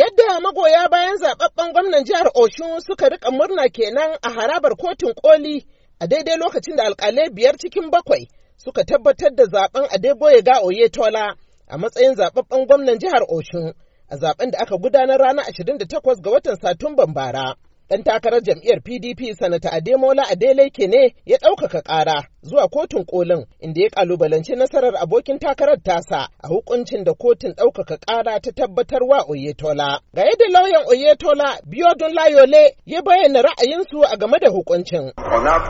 Yadda magoya bayan zaɓaɓɓen gwamnan jihar Oshun suka rika murna kenan a harabar kotun koli a daidai lokacin da alkalai biyar cikin bakwai suka tabbatar da zaben Adeboye ga Oyetola a matsayin zaɓaɓɓen gwamnan jihar Oshun a zaɓen da aka gudanar ranar 28 ga watan Satumban bara. Ɗan takarar jam'iyyar PDP Sanata Ademola Adeleke ne ya ɗaukaka ƙara zuwa kotun kolin inda ya kalubalanci nasarar abokin takarar tasa a hukuncin da kotun ɗaukaka ƙara ta tabbatar wa oyetola ga yadda lauyan oyetola biodun layole ya bayyana ra'ayinsu a game da hukuncin on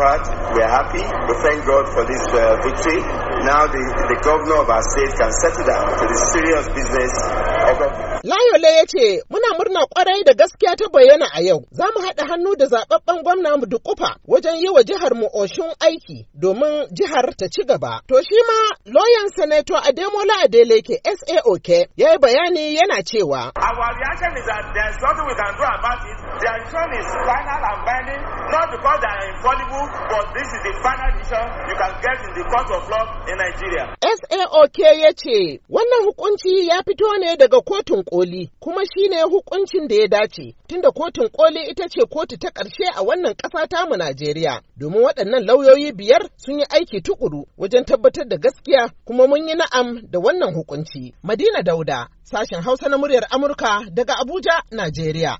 Layole ya ce muna murna kwarai da gaskiya ta bayyana a yau za mu haɗa hannu da zaɓaɓɓen gwamna mu dukufa wajen yi wa jihar mu oshin aiki domin domin jihar ta ci gaba. To shi ma loyan Sanato Ademola Adeleke SAOK ya yi bayani yana cewa. Our reaction is that there's nothing we can do about it. election is final and binding, not because they are infallible, but this is the final decision you can get in the court of law in Nigeria. SAOK ya ce wannan hukunci ya fito ne daga kotun koli kuma shi ne hukuncin da ya dace tunda kotun koli ita ce kotu ta ƙarshe a wannan ƙasa mu Najeriya domin waɗannan lauyoyi biyar sun yi aiki tukuru wajen tabbatar da gaskiya kuma mun yi na'am da wannan hukunci. Madina Dauda, sashen Hausa na muryar Amurka daga Abuja, Najeriya.